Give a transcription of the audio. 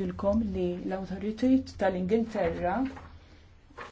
dilkom li l-autoritajt tal-Ingilterra